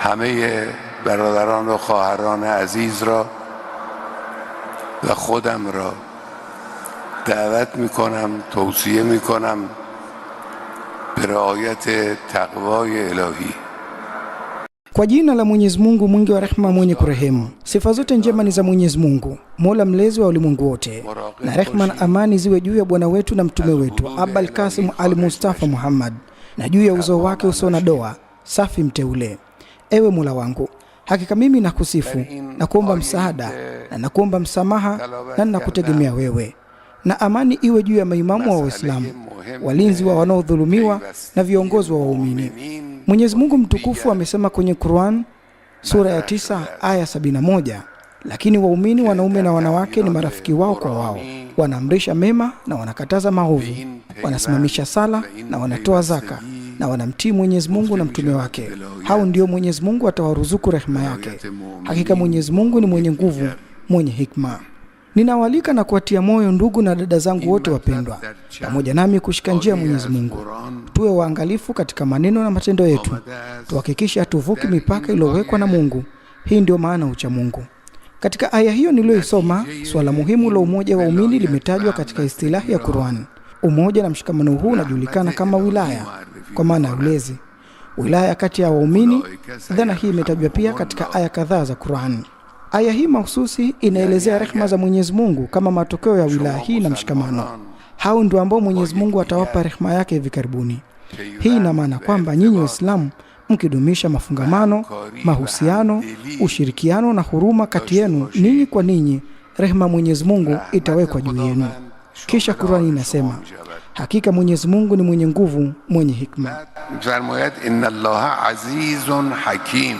همه برادران و خواهران عزیز را و خودم را دعوت کنم توصیه کنم به رعایت تقوای الهی Kwa jina la Mwenyezi Mungu mwingi wa rehema mwenye kurehemu. Sifa zote njema ni za Mwenyezi Mungu, Mola mlezi wa ulimwengu wote, na rehema na amani ziwe juu ya bwana wetu na mtume wetu Abul Kasim Al Mustafa Muhammad na juu ya uzao wake usio na doa, safi mteule. Ewe Mola wangu, hakika mimi nakusifu na kuomba msaada na nakuomba msamaha na ninakutegemea wewe, na amani iwe juu ya maimamu wa Waislamu, walinzi wa wanaodhulumiwa na viongozi wa waumini. Mwenyezi Mungu mtukufu amesema kwenye Qur'an sura ya 9 aya 71, lakini waumini wanaume na wanawake ni marafiki wao kwa wao, wanaamrisha mema na wanakataza maovu, wanasimamisha sala na wanatoa zaka na wanamtii Mwenyezi Mungu na mtume wake. Hao ndio Mwenyezi Mungu atawaruzuku rehema yake. Hakika Mwenyezi Mungu ni mwenye nguvu, mwenye hikma. ninawalika na kuwatia moyo ndugu na dada zangu wote wapendwa, pamoja nami kushika njia ya Mwenyezi Mungu. Tuwe waangalifu katika maneno na matendo yetu, tuhakikishe hatuvuki mipaka iliyowekwa na Mungu. Hii ndio maana ucha Mungu. Katika aya hiyo niliyoisoma, swala muhimu la umoja wa umini limetajwa katika istilahi ya Qur'ani. Umoja na mshikamano huu unajulikana kama wilaya kwa maana ya ulezi, wilaya kati ya waumini. Dhana hii imetajwa pia katika aya kadhaa za Qur'an. Aya hii mahususi inaelezea rehema za Mwenyezi Mungu kama matokeo ya wilaya hii na mshikamano. Hao ndio ambao Mwenyezi Mungu atawapa rehema yake hivi karibuni. Hii ina maana kwamba nyinyi Waislamu mkidumisha mafungamano, mahusiano, ushirikiano na huruma kati yenu ninyi kwa ninyi, rehema Mwenyezi Mungu itawekwa juu yenu. Kisha qurani inasema hakika Mwenyezi Mungu ni mwenye nguvu, mwenye hikma. inna Allaha azizun hakim.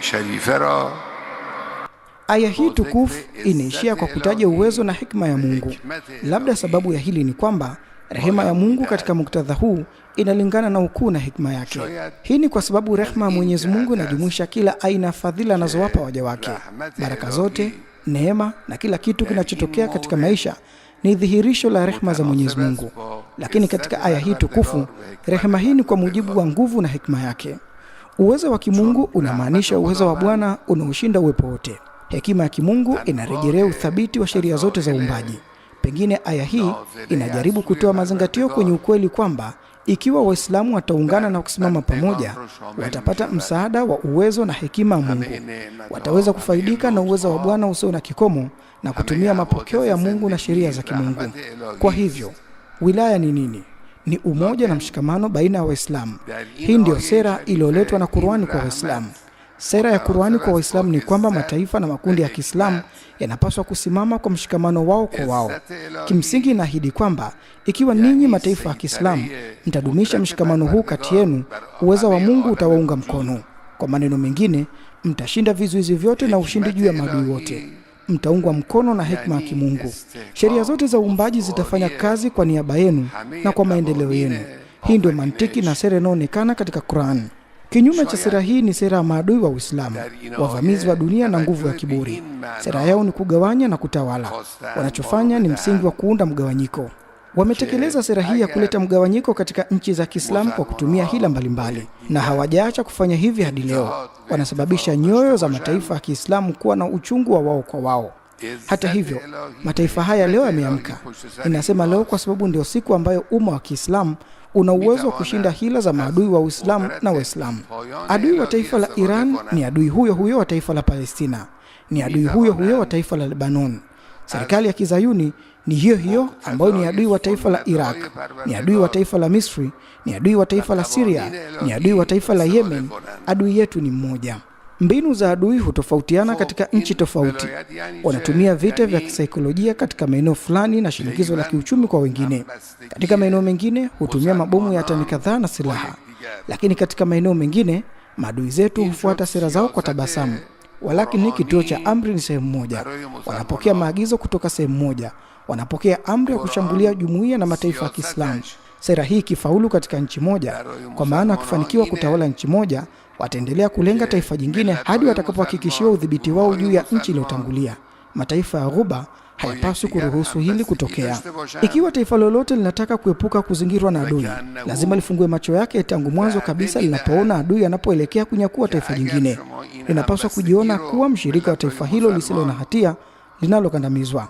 sharifa ra Aya hii tukufu inaishia kwa kutaja uwezo na hikma ya Mungu. Labda sababu ya hili ni kwamba rehema ya Mungu katika muktadha huu inalingana na ukuu na hikma yake. Hii ni kwa sababu rehema ya Mwenyezi Mungu inajumuisha kila aina ya fadhila anazowapa waja wake. Baraka zote neema na kila kitu kinachotokea katika maisha ni dhihirisho la rehema za Mwenyezi Mungu. Lakini katika aya hii tukufu, rehema hii ni kwa mujibu wa nguvu na hekima yake. Uwezo wa kimungu unamaanisha uwezo wa Bwana unaoshinda uwepo wote. Hekima ya kimungu inarejelea uthabiti wa sheria zote za uumbaji. Pengine aya hii inajaribu kutoa mazingatio kwenye ukweli kwamba ikiwa Waislamu wataungana na kusimama pamoja, watapata msaada wa uwezo na hekima ya Mungu, wataweza kufaidika na uwezo wa Bwana usio na kikomo na kutumia mapokeo ya Mungu na sheria za kimungu. Kwa hivyo, wilaya ni nini? Ni umoja na mshikamano baina ya Waislamu. Hii ndiyo sera iliyoletwa na Qur'ani kwa Waislamu. Sera ya ah, Qur'ani kwa Waislamu ni kwamba mataifa na makundi ya Kiislamu yanapaswa kusimama kwa mshikamano wao kwa wao. Kimsingi inaahidi kwamba ikiwa ninyi mataifa ya Kiislamu mtadumisha mshikamano huu kati yenu, uweza wa Mungu utawaunga mkono. Kwa maneno mengine, mtashinda vizuizi vyote na ushindi juu ya maadui wote. Mtaungwa mkono na hekima ya kimungu. Sheria zote za uumbaji zitafanya kazi kwa niaba yenu na kwa maendeleo yenu. Hii ndio mantiki na sera inayoonekana katika Qur'an. Kinyume cha sera hii ni sera ya maadui wa Uislamu, wavamizi wa eh, dunia na nguvu ya kiburi. Sera yao ni kugawanya na kutawala. Wanachofanya ni msingi wa kuunda mgawanyiko. Wametekeleza sera hii ya kuleta mgawanyiko katika nchi za Kiislamu kwa kutumia hila mbalimbali, na hawajaacha kufanya hivi hadi leo. Wanasababisha nyoyo za mataifa ya Kiislamu kuwa na uchungu wa wao kwa wao. Hata hivyo, mataifa haya leo yameamka. Inasema leo kwa sababu ndio siku ambayo umma wa Kiislamu una uwezo wa kushinda hila za maadui wa Uislamu na Waislamu. Adui wa taifa la Iran ni adui huyo huyo wa taifa la Palestina, ni adui huyo huyo wa taifa la Lebanon. Serikali ya Kizayuni ni hiyo hiyo ambayo ni adui wa taifa la Iraq, ni adui wa taifa la Misri, ni adui wa taifa la siria ni adui wa taifa la Yemen. Adui yetu ni mmoja. Mbinu za adui hutofautiana katika nchi tofauti. Wanatumia vita vya kisaikolojia katika maeneo fulani na shinikizo la kiuchumi kwa wengine. Katika maeneo mengine hutumia mabomu ya tani kadhaa na silaha, lakini katika maeneo mengine maadui zetu hufuata sera zao kwa tabasamu. Walakini kituo cha amri ni sehemu moja, wanapokea maagizo kutoka sehemu moja, wanapokea amri ya kushambulia jumuiya na mataifa ya Kiislamu. Sera hii ikifaulu katika nchi moja, kwa maana akifanikiwa kutawala nchi moja wataendelea kulenga taifa jingine hadi watakapohakikishiwa udhibiti wao juu ya nchi iliyotangulia. Mataifa ya Ghuba hayapaswi kuruhusu hili kutokea. Ikiwa taifa lolote linataka kuepuka kuzingirwa na adui, lazima lifungue macho yake tangu mwanzo kabisa linapoona adui anapoelekea kunyakua taifa jingine. Linapaswa kujiona kuwa mshirika wa taifa hilo lisilo na hatia linalokandamizwa.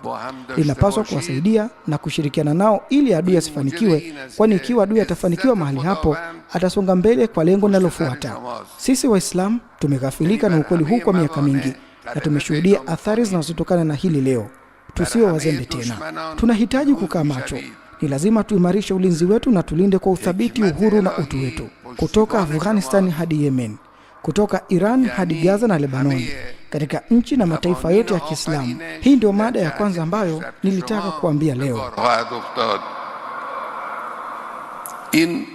Linapaswa kuwasaidia na kushirikiana nao ili adui asifanikiwe, kwani ikiwa adui atafanikiwa mahali hapo, atasonga mbele kwa lengo linalofuata. Sisi Waislamu tumeghafilika na ukweli huu kwa miaka mingi na tumeshuhudia athari zinazotokana na hili leo. Tusiwe wazembe tena, tunahitaji kukaa macho. Ni lazima tuimarishe ulinzi wetu na tulinde kwa uthabiti uhuru na utu wetu. Kutoka Afghanistan hadi Yemen, kutoka Iran hadi Gaza na Lebanon katika nchi na mataifa yote ya Kiislamu. Hii ndio mada ya kwanza ambayo nilitaka kuambia leo. In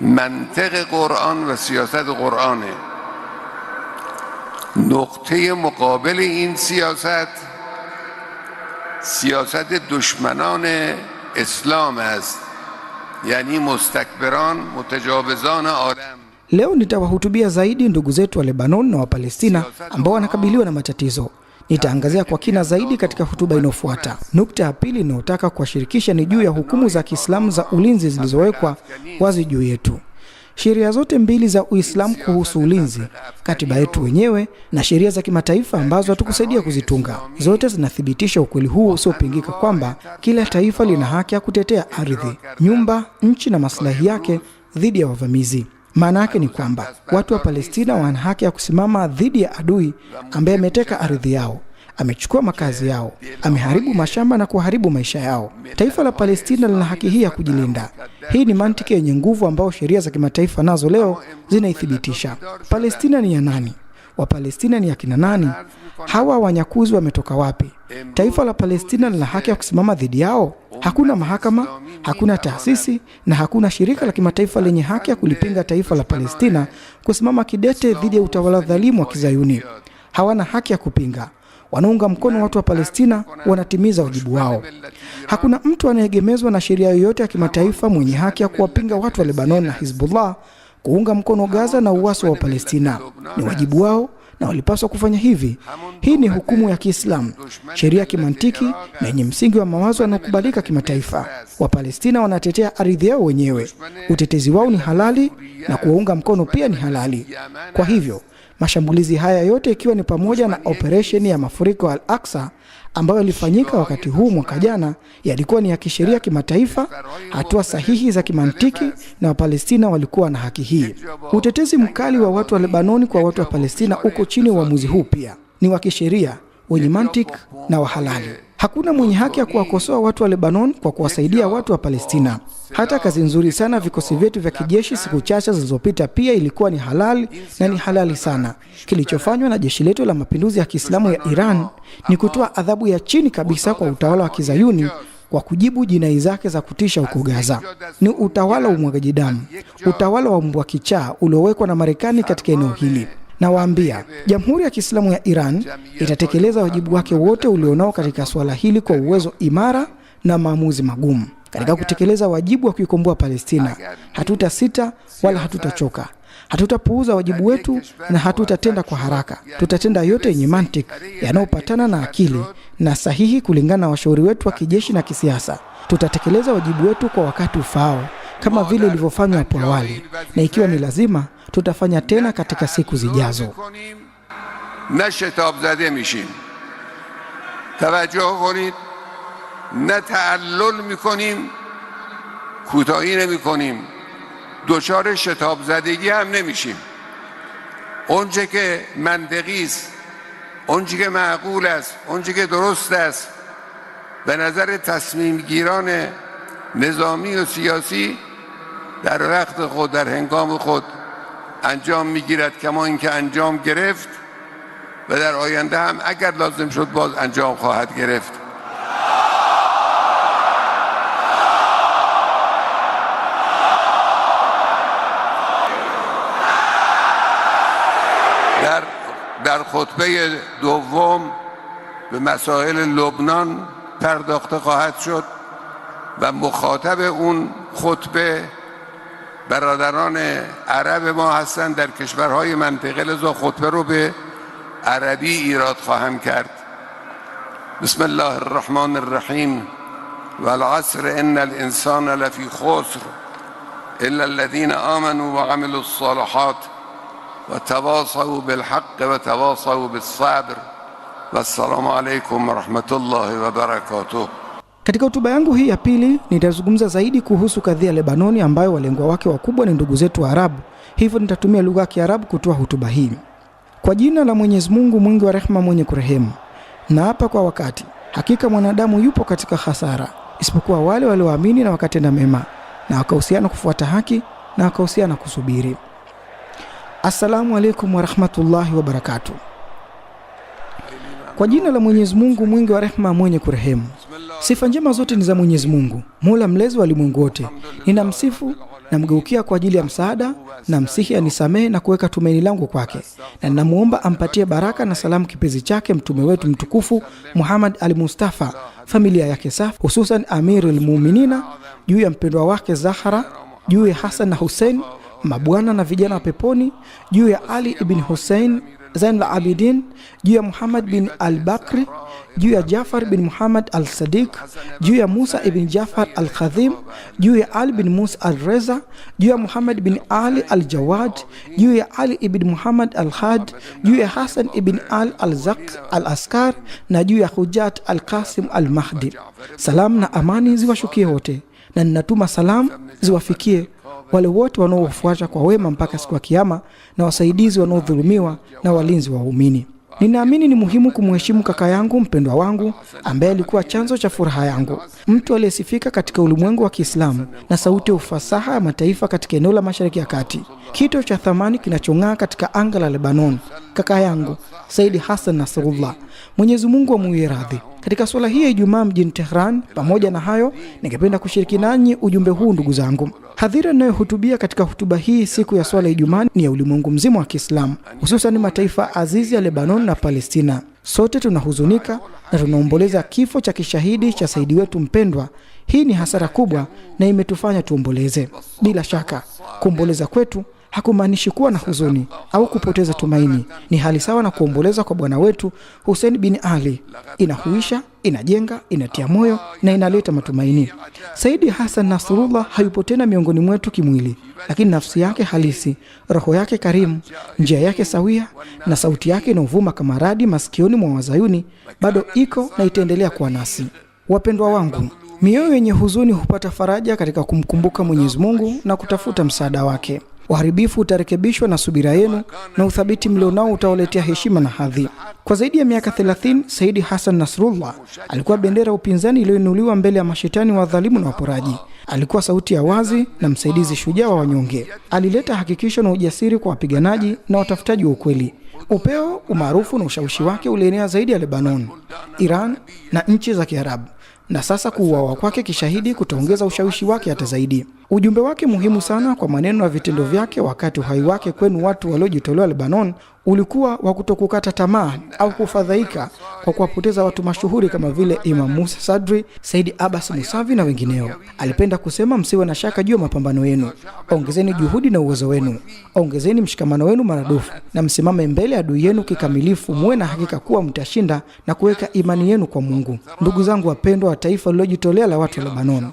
mantiq Quran wa siyasat Quran nuqte muqabil in siyasat siyasat dushmanan Islam ast yani mustakbiran mutajawizan alam Leo nitawahutubia zaidi ndugu zetu wa Lebanon na Wapalestina ambao wanakabiliwa na matatizo. Nitaangazia kwa kina zaidi katika hotuba inayofuata. Nukta ya pili inayotaka kuwashirikisha ni juu ya hukumu za Kiislamu za ulinzi zilizowekwa wazi juu yetu. Sheria zote mbili za Uislamu kuhusu ulinzi, katiba yetu wenyewe na sheria za kimataifa ambazo hatukusaidia kuzitunga, zote zinathibitisha ukweli huo usiopingika kwamba kila taifa lina haki ya kutetea ardhi, nyumba, nchi na maslahi yake dhidi ya wavamizi. Maana yake ni kwamba watu wa Palestina wana haki ya kusimama dhidi ya adui ambaye ameteka ardhi yao, amechukua makazi yao, ameharibu mashamba na kuharibu maisha yao. Taifa la Palestina lina haki hii ya kujilinda. Hii ni mantiki yenye nguvu ambayo sheria za kimataifa nazo leo zinaithibitisha. Palestina ni ya nani? Wapalestina ni akina nani? Hawa wanyakuzi wametoka wapi? Taifa la Palestina lina haki ya kusimama dhidi yao. Hakuna mahakama, hakuna taasisi na hakuna shirika la kimataifa lenye haki ya kulipinga taifa la Palestina kusimama kidete dhidi ya utawala dhalimu wa Kizayuni. Hawana haki ya kupinga. Wanaunga mkono watu wa Palestina, wanatimiza wajibu wao. Hakuna mtu anayeegemezwa na sheria yoyote ya kimataifa mwenye haki ya kuwapinga watu wa Lebanon na Hizbullah kuunga mkono Gaza na uasi wa Palestina. Ni wajibu wao na walipaswa kufanya hivi. Hii ni hukumu ya Kiislamu, sheria ya kimantiki na yenye msingi wa mawazo yanayokubalika kimataifa. Wapalestina wanatetea ardhi yao wenyewe, utetezi wao ni halali na kuwaunga mkono pia ni halali. Kwa hivyo mashambulizi haya yote ikiwa ni pamoja na operesheni ya mafuriko Al-Aqsa ambayo yalifanyika wakati huu mwaka jana yalikuwa ni ya kisheria kimataifa, hatua sahihi za kimantiki, na Wapalestina walikuwa na haki hii. Utetezi mkali wa watu wa Lebanoni kwa watu wa Palestina uko chini ya uamuzi huu, pia ni wa kisheria, wenye mantiki na wahalali. Hakuna mwenye haki ya kuwakosoa watu wa Lebanon kwa kuwasaidia watu wa Palestina. Hata kazi nzuri sana vikosi vyetu vya kijeshi siku chache zilizopita pia ilikuwa ni halali na ni halali sana. Kilichofanywa na jeshi letu la mapinduzi ya Kiislamu ya Iran ni kutoa adhabu ya chini kabisa kwa utawala wa Kizayuni kwa kujibu jinai zake za kutisha huko Gaza. Ni utawala wa umwagaji damu, utawala wa mbwa kichaa uliowekwa na Marekani katika eneo hili. Nawaambia, Jamhuri ya Kiislamu ya Iran itatekeleza wajibu wake wote ulionao katika suala hili kwa uwezo imara na maamuzi magumu katika kutekeleza wajibu wa kuikomboa Palestina. Hatutasita wala hatutachoka, hatutapuuza wajibu wetu na hatutatenda kwa haraka. Tutatenda yote yenye mantiki, yanayopatana na akili na sahihi, kulingana na washauri wetu wa kijeshi na kisiasa. Tutatekeleza wajibu wetu kwa wakati ufaao, kama vile ilivyofanywa hapo awali, na ikiwa ni lazima tutafanya tena katika siku zijazo. نه shetab میشیم توجه کنید نه na taallul کوتاهی نمیکنیم دچار شتاب زدگی هم نمیشیم اونجا که منطقی است که معقول است اونجا که درست است به نظر تصمیمگیران نظامی و سیاسی در رخت خود در هنگام خود انجام میگیرد کما اینکه انجام گرفت و در آینده هم اگر لازم شد باز انجام خواهد گرفت در, در خطبه دوم به مسائل لبنان پرداخته خواهد شد و مخاطب اون خطبه برادران عرب ما هستند در کشورهای منطقه لذا خطبه رو به عربی ایراد خواهم کرد بسم الله الرحمن الرحیم والعصر ان الانسان لفی خسر الا الذين آمنوا وعملوا الصالحات وتواصوا بالحق وتواصوا بالصبر والسلام عليكم ورحمة الله وبركاته Katika hotuba yangu hii ya pili nitazungumza zaidi kuhusu kadhia Lebanoni ambayo walengwa wake wakubwa ni ndugu zetu wa Arabu, hivyo nitatumia lugha ya Kiarabu kutoa hotuba hii. Kwa jina la Mwenyezi Mungu mwingi wa rehema, mwenye kurehemu. Na hapa kwa wakati, hakika mwanadamu yupo katika hasara, isipokuwa wale walioamini na wakatenda mema na wakahusiana kufuata haki na wakahusiana kusubiri. Assalamu alaikum warahmatullahi wabarakatu Kwa jina la Mwenyezi Mungu mwingi wa rehema, mwenye kurehemu. Sifa njema zote ni za Mwenyezi Mungu, Mola mlezi wa ulimwengu wote. Ninamsifu na mgeukia kwa ajili ya msaada na msihi anisamehe na kuweka tumaini langu kwake, na ninamuomba ampatie baraka na salamu kipenzi chake mtume wetu mtukufu Muhammad al-Mustafa, familia yake safi, hususan al Muminina, juu ya mpendwa wake zahara juu ya Hasan na Hussein, mabwana na vijana wa peponi, juu ya Ali ibn Hussein Zainul Abidin juu ya Muhammad bin al-Bakri juu ya Jafar bin Muhammad al-Sadiq juu ya Musa ibn Jafar al-Khadhim juu ya Ali bin Musa al-Reza juu ya Muhammad bin Ali al-Jawad juu ya Ali ibn Muhammad al-Had juu ya Hasan ibn Ali al-Zaq al-Askar na juu ya Hujat al-Qasim al-Mahdi. Salamu na amani ziwashukie wote, na ninatuma salamu ziwafikie wale wote wanaowafuata kwa wema mpaka siku ya Kiyama, na wasaidizi wanaodhulumiwa na walinzi wa waumini. Ninaamini ni muhimu kumheshimu kaka yangu mpendwa wangu ambaye alikuwa chanzo cha furaha yangu, mtu aliyesifika katika ulimwengu wa Kiislamu na sauti ya ufasaha ya mataifa katika eneo la Mashariki ya Kati, kito cha thamani kinachong'aa katika anga la Lebanon, kaka yangu Saidi Hassan Nasrullah. Mwenyezi Mungu amuwie radhi katika swala hii ya Ijumaa mjini Tehran. Pamoja na hayo, ningependa kushiriki nanyi ujumbe huu ndugu zangu. Hadhira inayohutubia katika hutuba hii siku ya swala ya Ijumaa ni ya ulimwengu mzima wa Kiislamu, hususan mataifa azizi ya Lebanon na Palestina. Sote tunahuzunika na tunaomboleza kifo cha kishahidi cha saidi wetu mpendwa. Hii ni hasara kubwa na imetufanya tuomboleze. Bila shaka kuomboleza kwetu hakumaanishi kuwa na huzuni au kupoteza tumaini. Ni hali sawa na kuomboleza kwa bwana wetu Hussein bin Ali. Inahuisha, inajenga, inatia moyo na inaleta matumaini. Saidi Hassan Nasrullah hayupo tena miongoni mwetu kimwili, lakini nafsi yake halisi, roho yake karimu, njia yake sawia na sauti yake inaovuma kama radi masikioni mwa Wazayuni bado iko na itaendelea kuwa nasi. Wapendwa wangu, mioyo yenye huzuni hupata faraja katika kumkumbuka Mwenyezi Mungu na kutafuta msaada wake. Uharibifu utarekebishwa na subira yenu na uthabiti mlionao utawaletea heshima na hadhi. Kwa zaidi ya miaka 30 Saidi Hassan Nasrullah alikuwa bendera ya upinzani iliyoinuliwa mbele ya mashetani wa dhalimu na waporaji. Alikuwa sauti ya wazi na msaidizi shujaa wa wanyonge. Alileta hakikisho na ujasiri kwa wapiganaji na watafutaji wa ukweli. Upeo, umaarufu na ushawishi wake ulienea zaidi ya Lebanon, Iran na nchi za Kiarabu na sasa kuuawa kwake kishahidi kutaongeza ushawishi wake hata zaidi. Ujumbe wake muhimu sana kwa maneno ya vitendo vyake wakati uhai wake kwenu watu waliojitolewa Lebanon ulikuwa wa kutokukata tamaa au kufadhaika kwa kuwapoteza watu mashuhuri kama vile Imam Musa Sadri, Saidi Abbas Musavi na wengineo. Alipenda kusema, msiwe na shaka juu ya mapambano yenu, ongezeni juhudi na uwezo wenu, ongezeni mshikamano wenu maradufu, na msimame mbele adui yenu kikamilifu, muwe na hakika kuwa mtashinda na kuweka imani yenu kwa Mungu. Ndugu zangu wapendwa wa taifa lililojitolea la watu wa Lebanon,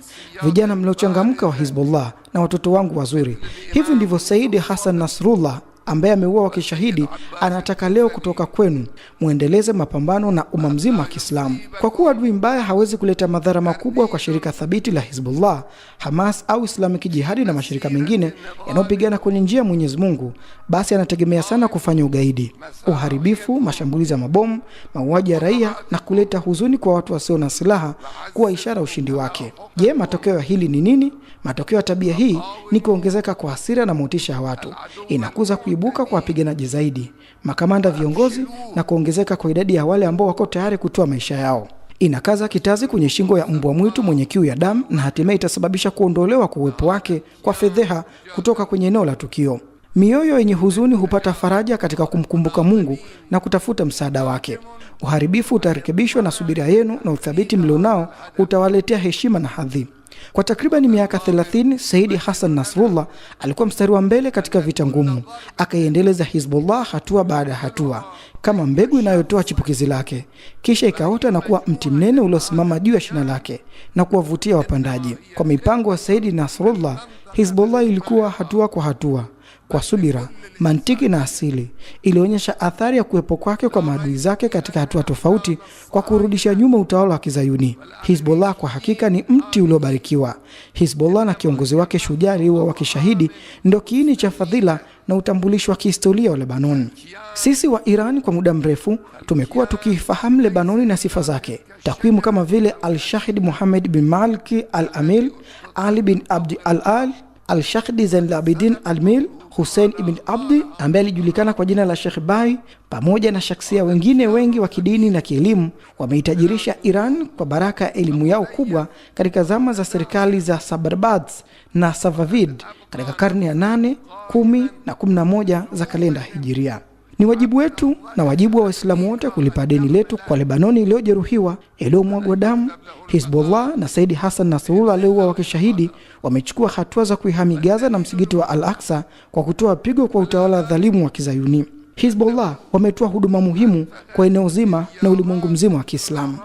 vijana mliochangamka wa Hizbullah na watoto wangu wazuri, hivi ndivyo Saidi Hassan Nasrullah ambaye ameua kishahidi anataka leo kutoka kwenu mwendeleze mapambano na umma mzima wa Kiislamu, kwa kuwa adui mbaya hawezi kuleta madhara makubwa kwa shirika thabiti la Hizbullah, Hamas au Islamiki Jihadi na mashirika mengine yanayopigana kwenye njia ya Mwenyezi Mungu, basi anategemea sana kufanya ugaidi, uharibifu, mashambulizi ya mabomu, mauaji ya raia na kuleta huzuni kwa watu wasio na silaha kuwa ishara ya ushindi wake. Je, matokeo ya hili ni nini? Matokeo ya tabia hii ni kuongezeka kwa hasira na motisha ya watu, inakuza kuibuka kwa wapiganaji zaidi, makamanda, viongozi na kuongezeka kwa idadi ya wale ambao wako tayari kutoa maisha yao. Inakaza kitazi kwenye shingo ya mbwa mwitu mwenye kiu ya damu na hatimaye itasababisha kuondolewa kwa uwepo wake kwa fedheha kutoka kwenye eneo la tukio. Mioyo yenye huzuni hupata faraja katika kumkumbuka Mungu na kutafuta msaada wake. Uharibifu utarekebishwa na subira yenu na uthabiti mlionao utawaletea heshima na hadhi. Kwa takribani miaka 30 Saidi Hassan Nasrullah alikuwa mstari wa mbele katika vita ngumu, akaiendeleza Hizbullah hatua baada ya hatua kama mbegu inayotoa chipukizi lake, kisha ikaota na kuwa mti mnene uliosimama juu ya shina lake na kuwavutia wapandaji. Kwa mipango ya Saidi Nasrullah, Hizbullah ilikuwa hatua kwa hatua kwa subira, mantiki na asili. Ilionyesha athari ya kuwepo kwake kwa maadui zake katika hatua tofauti kwa kurudisha nyuma utawala wa Kizayuni. Hizbullah kwa hakika ni mti uliobarikiwa. Hizbullah na kiongozi wake shujaa aliuwa wa kishahidi ndio kiini cha fadhila na utambulisho wa kihistoria wa Lebanon. Sisi wa Iran kwa muda mrefu tumekuwa tukiifahamu Lebanoni na sifa zake. Takwimu kama vile Al-Shahid Muhammad bin Malki Al-Amil, Ali bin Abdi Al-Al Al-Shahdi Zainul Abidin Al-Mil Hussein ibn Abdi ambaye alijulikana kwa jina la Sheikh Bai pamoja na shaksia wengine wengi wa kidini na kielimu wameitajirisha Iran kwa baraka ya elimu yao kubwa katika zama za serikali za Sabarbads na Safavid katika karne ya 8, 10 na 11 za kalenda Hijiria. Ni wajibu wetu na wajibu wa Waislamu wote kulipa deni letu kwa Lebanoni iliyojeruhiwa, iliyomwagwa damu. Hizbullah na Saidi Hassan Nasrallah wa wakishahidi wamechukua hatua za kuihami Gaza na msikiti wa Al Aksa kwa kutoa pigo kwa utawala dhalimu wa Kizayuni. Hizbullah wametoa huduma muhimu kwa eneo zima na ulimwengu mzima wa Kiislamu.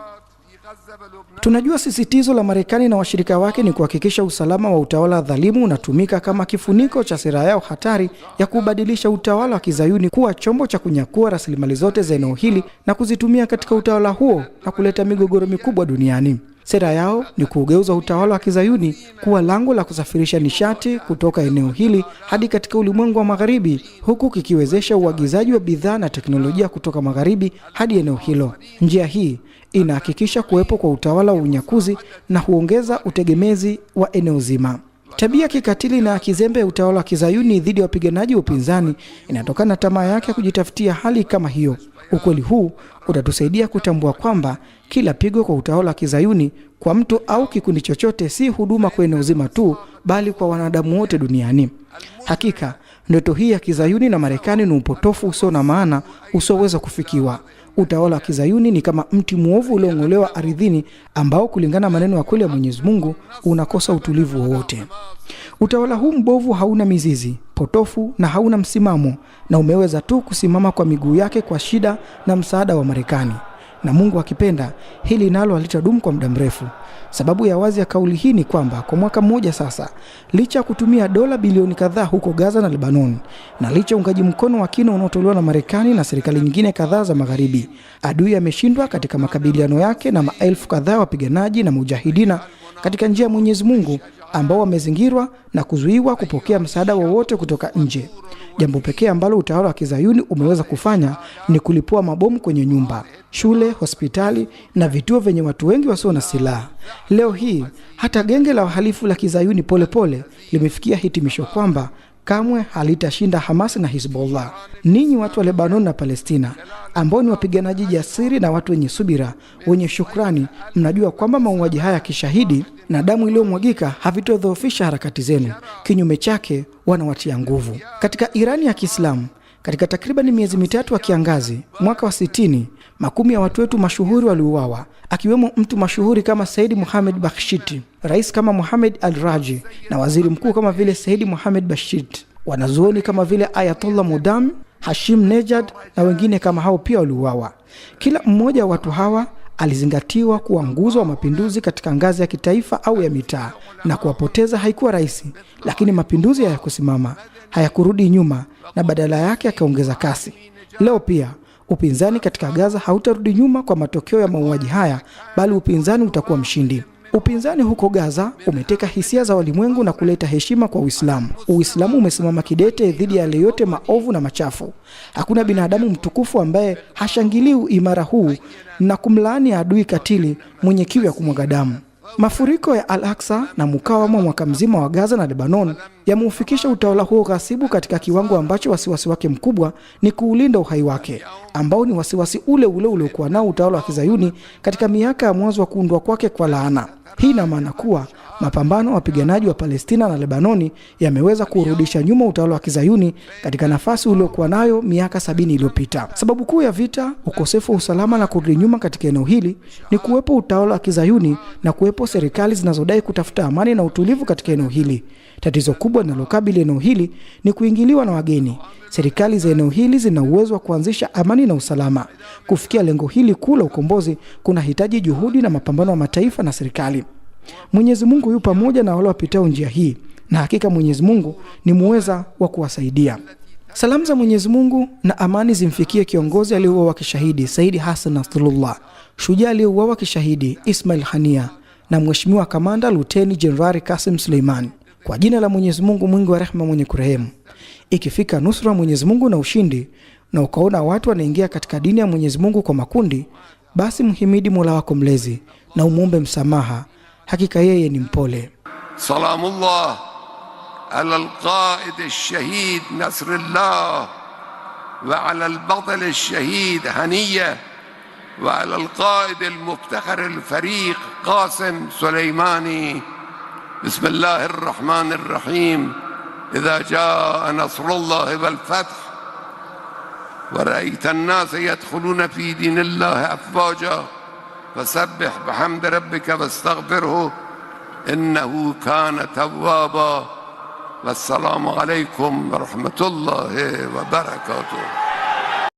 Tunajua sisitizo la Marekani na washirika wake ni kuhakikisha usalama wa utawala dhalimu unatumika kama kifuniko cha sera yao hatari ya kubadilisha utawala wa kizayuni kuwa chombo cha kunyakua rasilimali zote za eneo hili na kuzitumia katika utawala huo na kuleta migogoro mikubwa duniani. Sera yao ni kuugeuza utawala wa kizayuni kuwa lango la kusafirisha nishati kutoka eneo hili hadi katika ulimwengu wa magharibi, huku kikiwezesha uagizaji wa bidhaa na teknolojia kutoka magharibi hadi eneo hilo. Njia hii inahakikisha kuwepo kwa utawala wa unyakuzi na huongeza utegemezi wa eneo zima. Tabia kikatili na kizembe ya utawala wa kizayuni dhidi ya wapiganaji wa upinzani inatokana na tamaa yake ya kujitafutia hali kama hiyo. Ukweli huu utatusaidia kutambua kwamba kila pigo kwa utawala wa kizayuni kwa mtu au kikundi chochote si huduma kwa eneo zima tu, bali kwa wanadamu wote duniani. Hakika ndoto hii ya kizayuni na Marekani ni upotofu usio na maana usioweza kufikiwa. Utawala wa kizayuni ni kama mti mwovu uliong'olewa ardhini, ambao kulingana maneno ya kweli ya Mwenyezi Mungu unakosa utulivu wowote. Utawala huu mbovu hauna mizizi potofu na hauna msimamo, na umeweza tu kusimama kwa miguu yake kwa shida na msaada wa Marekani na Mungu akipenda hili nalo halitadumu kwa muda mrefu. Sababu ya wazi ya kauli hii ni kwamba kwa mwaka mmoja sasa, licha ya kutumia dola bilioni kadhaa huko Gaza na Lebanon, na licha uungaji mkono wa kina unaotolewa na Marekani na serikali nyingine kadhaa za Magharibi, adui ameshindwa katika makabiliano yake na maelfu kadhaa wapiganaji na mujahidina katika njia ya Mwenyezi Mungu ambao wamezingirwa na kuzuiwa kupokea msaada wowote kutoka nje. Jambo pekee ambalo utawala wa kizayuni umeweza kufanya ni kulipua mabomu kwenye nyumba, shule, hospitali na vituo vyenye watu wengi wasio na silaha. Leo hii hata genge la wahalifu la kizayuni polepole limefikia hitimisho kwamba kamwe halitashinda Hamas na hizbullah Ninyi watu wa Lebanon na Palestina, ambao ni wapiganaji jasiri na watu wenye subira, wenye shukrani, mnajua kwamba mauaji haya ya kishahidi na damu iliyomwagika havitodhoofisha harakati zenu, kinyume chake wanawatia nguvu. Katika Irani ya Kiislamu katika takribani miezi mitatu wa kiangazi mwaka wa sitini, makumi ya watu wetu mashuhuri waliuawa, akiwemo mtu mashuhuri kama Saidi Muhamed bakhshiti rais kama Muhamed Al Raji na waziri mkuu kama vile Saidi Muhamed Bashit, wanazuoni kama vile Ayatollah Mudam, Hashim Nejad na wengine kama hao pia waliuawa. Kila mmoja wa watu hawa alizingatiwa kuwa nguzo wa mapinduzi katika ngazi ya kitaifa au ya mitaa, na kuwapoteza haikuwa rahisi, lakini mapinduzi hayakusimama, hayakurudi nyuma, na badala yake akaongeza kasi. Leo pia upinzani katika Gaza hautarudi nyuma kwa matokeo ya mauaji haya, bali upinzani utakuwa mshindi. Upinzani huko Gaza umeteka hisia za walimwengu na kuleta heshima kwa Uislamu. Uislamu umesimama kidete dhidi ya yale yote maovu na machafu. Hakuna binadamu mtukufu ambaye hashangilii imara huu na kumlaani adui katili mwenye kiu ya kumwaga damu. Mafuriko ya Al-Aqsa na mukawama mwaka mzima wa Gaza na Lebanon yameufikisha utawala huo ghasibu katika kiwango ambacho wasiwasi wake mkubwa ni kuulinda uhai wake, ambao ni wasiwasi ule ule uliokuwa nao utawala wa Kizayuni katika miaka ya mwanzo wa kuundwa kwake kwa laana. Hii ina maana kuwa mapambano wapiganaji wa Palestina na Lebanoni yameweza kurudisha nyuma utawala wa kizayuni katika nafasi uliokuwa nayo miaka sabini iliyopita. Sababu kuu ya vita, ukosefu wa usalama na kurudi nyuma katika eneo hili ni kuwepo utawala wa kizayuni na kuwepo serikali zinazodai kutafuta amani na utulivu katika eneo hili. Tatizo kubwa linalokabili eneo hili ni kuingiliwa na wageni, serikali za eneo hili zina uwezo wa kuanzisha amani na usalama. Kufikia lengo hili kuu la ukombozi kunahitaji juhudi na mapambano ya mataifa na serikali. Mwenyezi Mungu yu pamoja na wale wapitao njia hii, na hakika Mwenyezi Mungu ni muweza wa kuwasaidia. Salamu za Mwenyezi Mungu na amani zimfikie kiongozi aliyeuawa kishahidi Saidi Hassan Nasrullah, shujaa aliyeuawa kishahidi Ismail Hania na Mheshimiwa Kamanda Luteni Jenerali Kasim Suleiman. Kwa jina la Mwenyezi Mungu mwingi wa rehema mwenye kurehemu. Ikifika nusra Mwenyezi Mungu na ushindi, na ukaona watu wanaingia katika dini ya Mwenyezi Mungu kwa makundi, basi mhimidi Mola wako mlezi na umwombe msamaha, hakika yeye ni mpole. Salamullah ala alqaid alshahid Nasrullah wa ala albatil alshahid Haniya wa ala alqaid almuftakhar alfariq Qasim Suleimani بسم الله الرحمن الرحيم إذا جاء نصر الله والفتح ورأيت الناس يدخلون في دين الله أفواجا فسبح بحمد ربك واستغفره إنه كان توابا والسلام عليكم ورحمة الله وبركاته